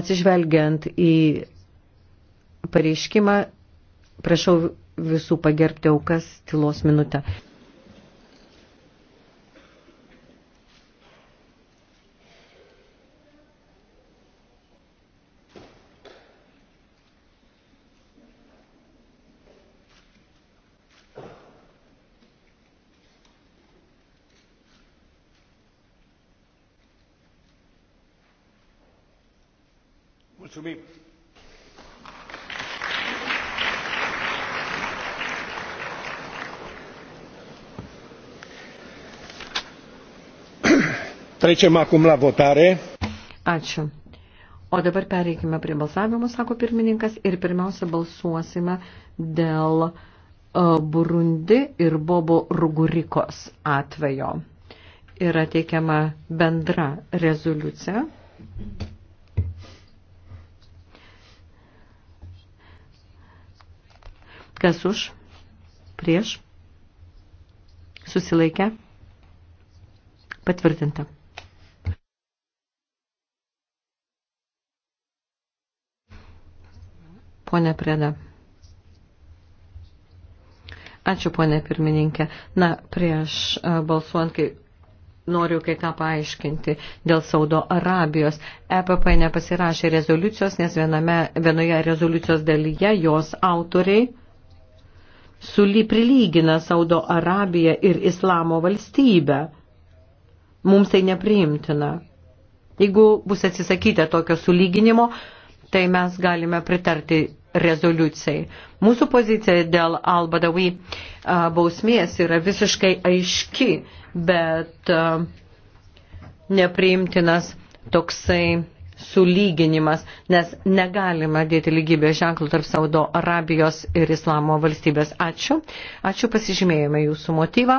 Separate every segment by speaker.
Speaker 1: Atsižvelgiant į pareiškimą, prašau visų pagerbti aukas tylos minutę.
Speaker 2: Mulțumim! Trecem acum la votare.
Speaker 1: Ačiū. O dabar pereikime prie balsavimo, sako pirmininkas, ir pirmiausia balsuosime dėl e, Burundi ir Bobo Rugurikos atvejo. Yra teikiama bendra rezoliucija. Kas už? Prieš? Susilaikę? Patvirtinta. Pone Preda. Ačiū, ponė pirmininkė. Na, prieš e, balsuojant, kai noriu kai ką paaiškinti dėl Saudo Arabijos. EPP nepasirašė rezoliucijos, nes viename, vienoje rezoliucijos dalyje jos autoriai suly prilygina Saudo Arabiją ir Islamo valstybę. Mums tai nepriimtina. Jeigu bus atsisakyta tokio sulyginimo, tai mes galime pritarti rezoliucijai. Mūsų pozicija dėl Al-Badawi bausmės yra visiškai aiški, bet nepriimtinas toksai sulyginimas, nes negalima dėti lygybės ženklų tarp Saudo Arabijos ir Islamo valstybės. Ačiū. Ačiū pasižymėjome jūsų motyvą.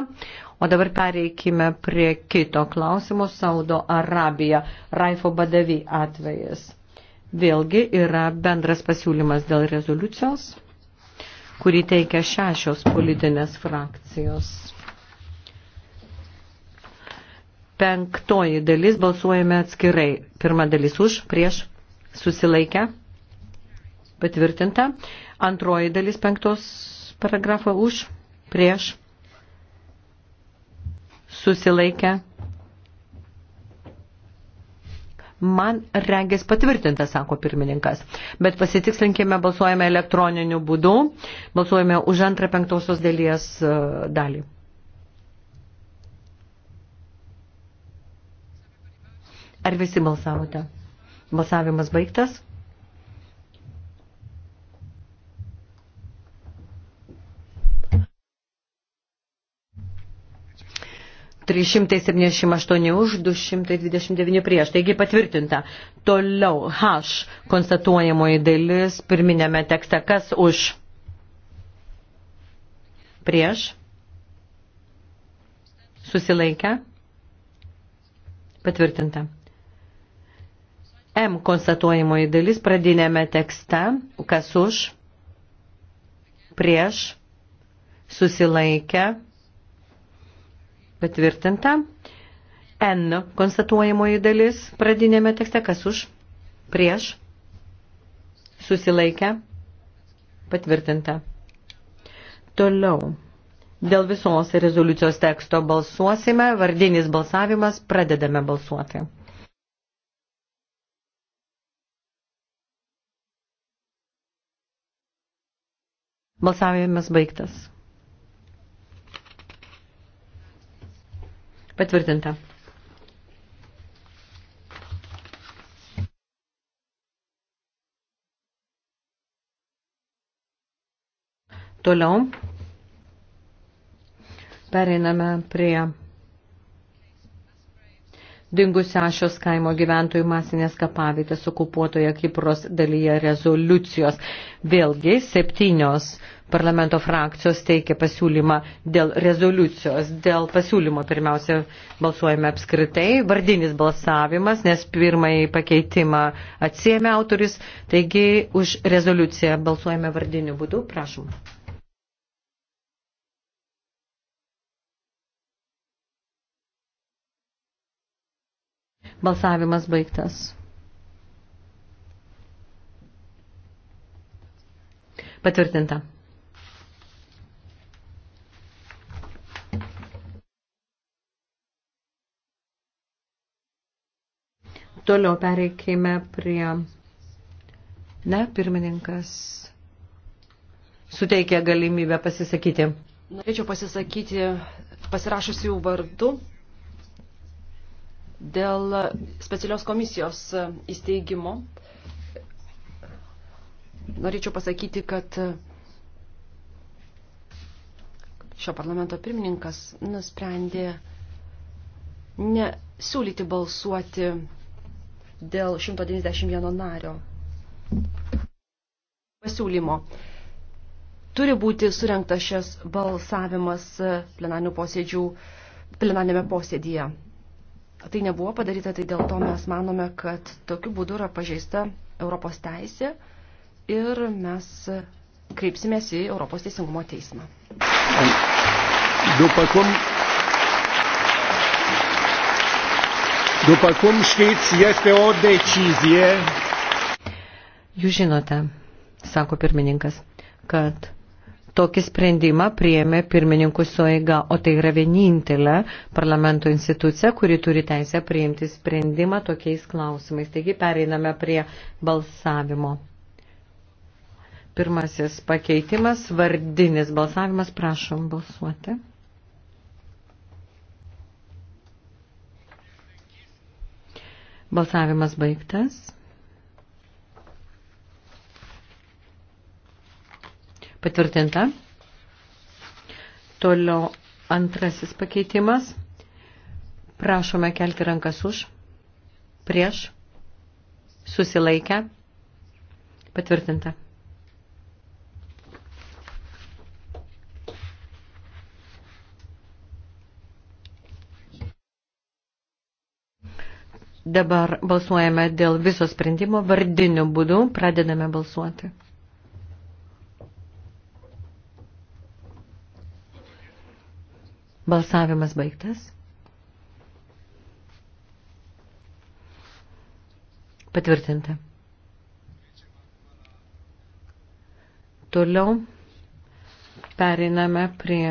Speaker 1: O dabar pereikime prie kito klausimo. Saudo Arabija, Raifo Badavi atvejas. Vėlgi yra bendras pasiūlymas dėl rezoliucijos, kurį teikia šešios politinės frakcijos. Penktoji dalis balsuojame atskirai. Pirma dalis už, prieš, susilaikę, patvirtinta. Antroji dalis penktos paragrafo už, prieš, susilaikę. Man regės patvirtintas, sako pirmininkas. Bet pasitikslinkime, balsuojame elektroniniu būdu, balsuojame už antrą penktosios dalies e, dalį. Ar visi balsavote? Balsavimas baigtas. Trišimtai septyniasdešimt aštuoni už, du šimtai dvidešimt devyni prieš. Taigi patvirtinta. Toliau H konstatuojamoji dalis pirminėme tekste. Kas už? Prieš? Susilaikę? Patvirtinta. M konstatuojamoji dalis pradinėme tekste, kas už, prieš, susilaikę, patvirtinta. N konstatuojamoji dalis pradinėme tekste, kas už, prieš, susilaikę, patvirtinta. Toliau. Dėl visos rezoliucijos teksto balsuosime, vardinis balsavimas, pradedame balsuoti. Balsavimas baigtas. Patvirtinta. Toliau pereiname prie dingusią šios kaimo gyventojų masinės kapavietės okupuotoje Kipros dalyje rezoliucijos. Vėlgi septynios parlamento frakcijos teikia pasiūlymą dėl rezoliucijos. Dėl pasiūlymo pirmiausia balsuojame apskritai, vardinis balsavimas, nes pirmąjį pakeitimą atsiemė autoris, taigi už rezoliuciją balsuojame vardiniu būdu, prašom. Balsavimas baigtas. Patvirtinta. Toliau pereikime prie... Ne, pirmininkas suteikia galimybę pasisakyti.
Speaker 3: Norėčiau pasisakyti pasirašusių vardų dėl specialios komisijos įsteigimo. Norėčiau pasakyti, kad šio parlamento pirmininkas nusprendė nesiūlyti balsuoti dėl 191 nario pasiūlymo. Turi būti surinktas šis balsavimas plenarnių posėdžių, plenarnėme posėdėje tai nebuvo padaryta, tai dėl to mes manome, kad tokiu būdu yra pažeista Europos teisė ir mes kreipsimės į Europos teisingumo teismą.
Speaker 2: După cum, după cum știți, este o decizie. Jūs žinote,
Speaker 1: sako pirmininkas, kad Tokį sprendimą priėmė pirmininkų sueiga, o tai yra vienintelė parlamento institucija, kuri turi teisę priimti sprendimą tokiais klausimais. Taigi pereiname prie balsavimo. Pirmasis pakeitimas, vardinis balsavimas, prašom balsuoti. Balsavimas baigtas. Patvirtinta. Toliau antrasis pakeitimas. Prašome kelti rankas už, prieš, susilaikę, patvirtinta. Dabar balsuojame dėl viso sprendimo vardiniu būdu, pradedame balsuoti. Balsavimas baigtas. Patvirtinta. Toliau periname prie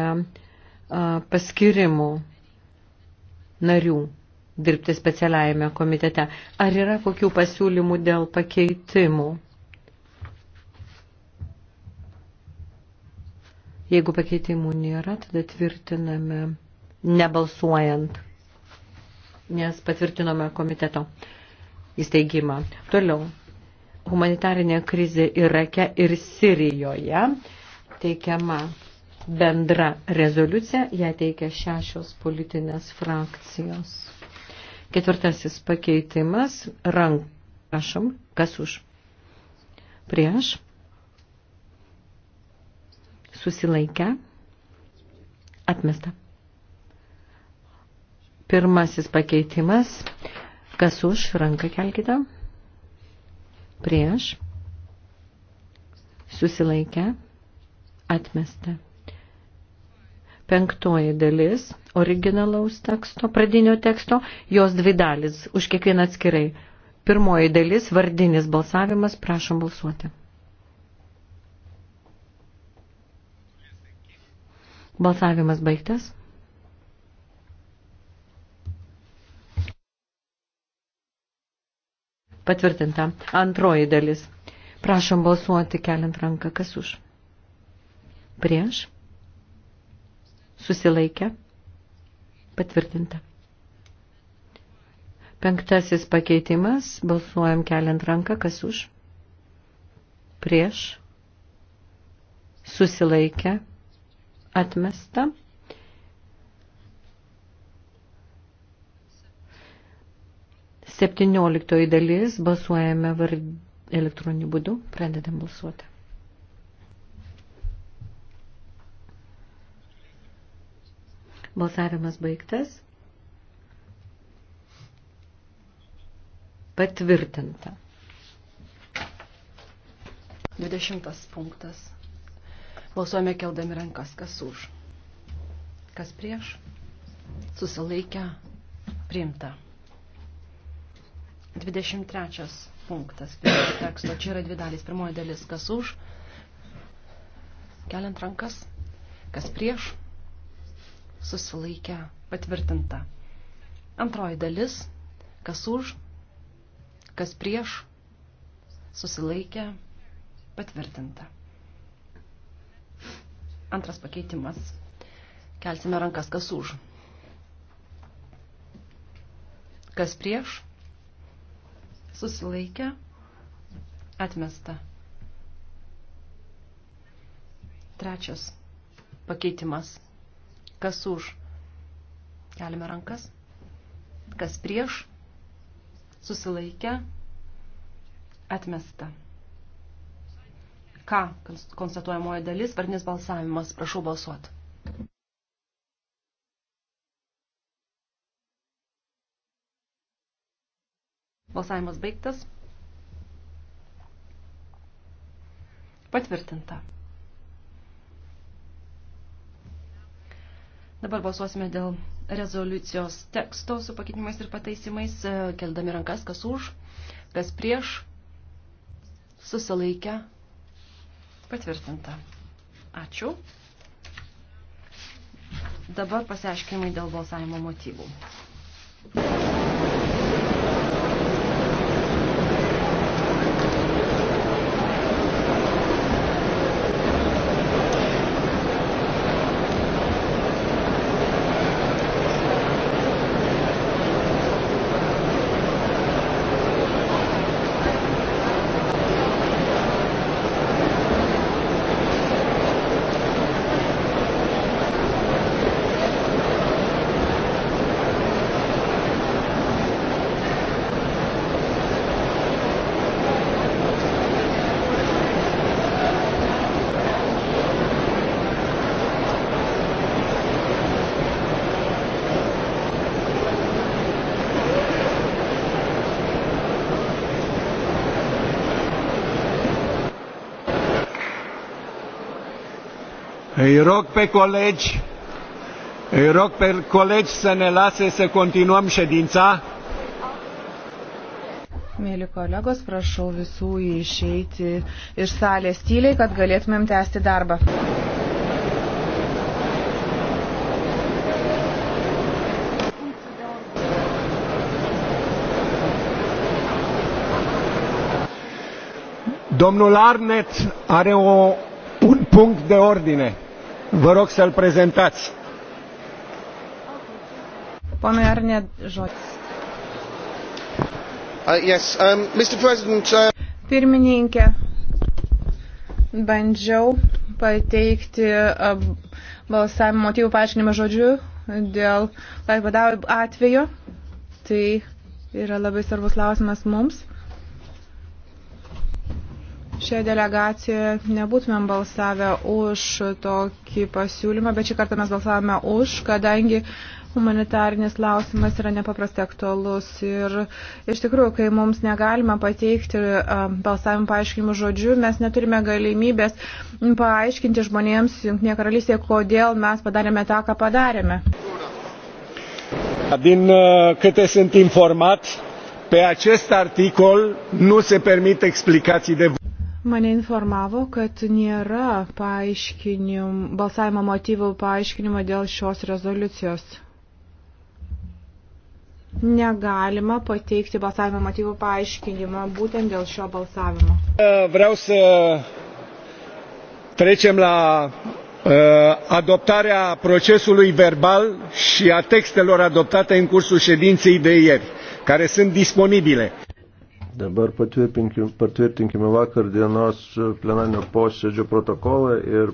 Speaker 1: paskirimų narių dirbti specialiajame komitete. Ar yra kokių pasiūlymų dėl pakeitimų? Jeigu pakeitimų nėra, tada tvirtiname nebalsuojant, nes patvirtinome komiteto įsteigimą. Toliau, humanitarinė krizė Irake ir Sirijoje teikiama bendra rezoliucija, ją teikia šešios politinės frakcijos. Ketvirtasis pakeitimas, rank, prašom, kas už? Prieš susilaikę, atmesta. Pirmasis pakeitimas, kas už, ranką kelkite, prieš, susilaikę, atmesta. Penktoji dalis originalaus teksto, pradinio teksto, jos dvi dalis, už kiekvieną atskirai. Pirmoji dalis, vardinis balsavimas, prašom balsuoti. Balsavimas baigtas. Patvirtinta. Antroji dalis. Prašom balsuoti keliant ranką. Kas už? Prieš? Susilaikę? Patvirtinta. Penktasis pakeitimas. Balsuojam keliant ranką. Kas už? Prieš? Susilaikę? Atmesta. Septynioliktoji dalis balsuojame vard... elektroniniu būdu, pradedam balsuoti. Balsavimas baigtas. Patvirtinta.
Speaker 3: 20 punktas. Balsuojame keldami rankas, kas už, kas prieš, susilaikę, priimta. 23 punktas teksto. Čia yra dvi dalys. Pirmoji dalis, kas už, keliant rankas, kas prieš, susilaikę, patvirtinta. Antroji dalis, kas už, kas prieš, susilaikę, patvirtinta. Antras pakeitimas. Kelsime rankas, kas už. Kas prieš? Susilaikę. Atmesta. Trečias pakeitimas. Kas už? Keliame rankas. Kas prieš? Susilaikę. Atmesta. Ką konstatuojamoji dalis, vardinis balsavimas, prašau balsuoti. Balsavimas baigtas. Patvirtinta. Dabar balsuosime dėl rezoliucijos teksto su pakeitimais ir pataisimais, e, keldami rankas, kas už, kas prieš, susilaikę, Patvirtinta. Ačiū. Dabar pasiaiškinimai dėl balsavimo motyvų.
Speaker 2: Îi rog pe colegi, îi rog pe colegi să ne lase să continuăm ședința. Mėly kolegos, prašau visų išeiti iš salės tyliai, kad galėtumėm tęsti darbą. Domnul Arnet are o, un punct de ordine. Vă rog să-l prezentați. Pone Arne Žodis. Uh, yes, um, Mr. President. Uh... Pirmininkė, bandžiau pateikti uh, balsavimo motyvų paaiškinimą žodžiu dėl laivadavimo atvejo. Tai yra labai svarbus klausimas mums šioje delegacijoje nebūtumėm balsavę už tokį pasiūlymą, bet šį kartą mes balsavome už, kadangi humanitarinis klausimas yra nepaprastai aktualus. Ir iš tikrųjų, kai mums negalima pateikti balsavimo paaiškinimų žodžių, mes neturime galimybės paaiškinti žmonėms Junktinėje karalystėje, kodėl mes padarėme tą, ką padarėme. Din câte sunt informat, pe acest articol nu se permit explicații de vot. Mane informavo, kad nėra paaiškinim, balsavimo motyvų paaiškinimo dėl šios rezoliucijos. Negalima pateikti balsavimo motyvų paaiškinimą būtent dėl šio balsavimo. E, vreau să trecem la e, adoptarea procesului verbal și a textelor adoptate în cursul ședinței de ieri, care sunt disponibile. Dabar patvirtinkime vakar dienos plenarnio
Speaker 3: posėdžio protokolą ir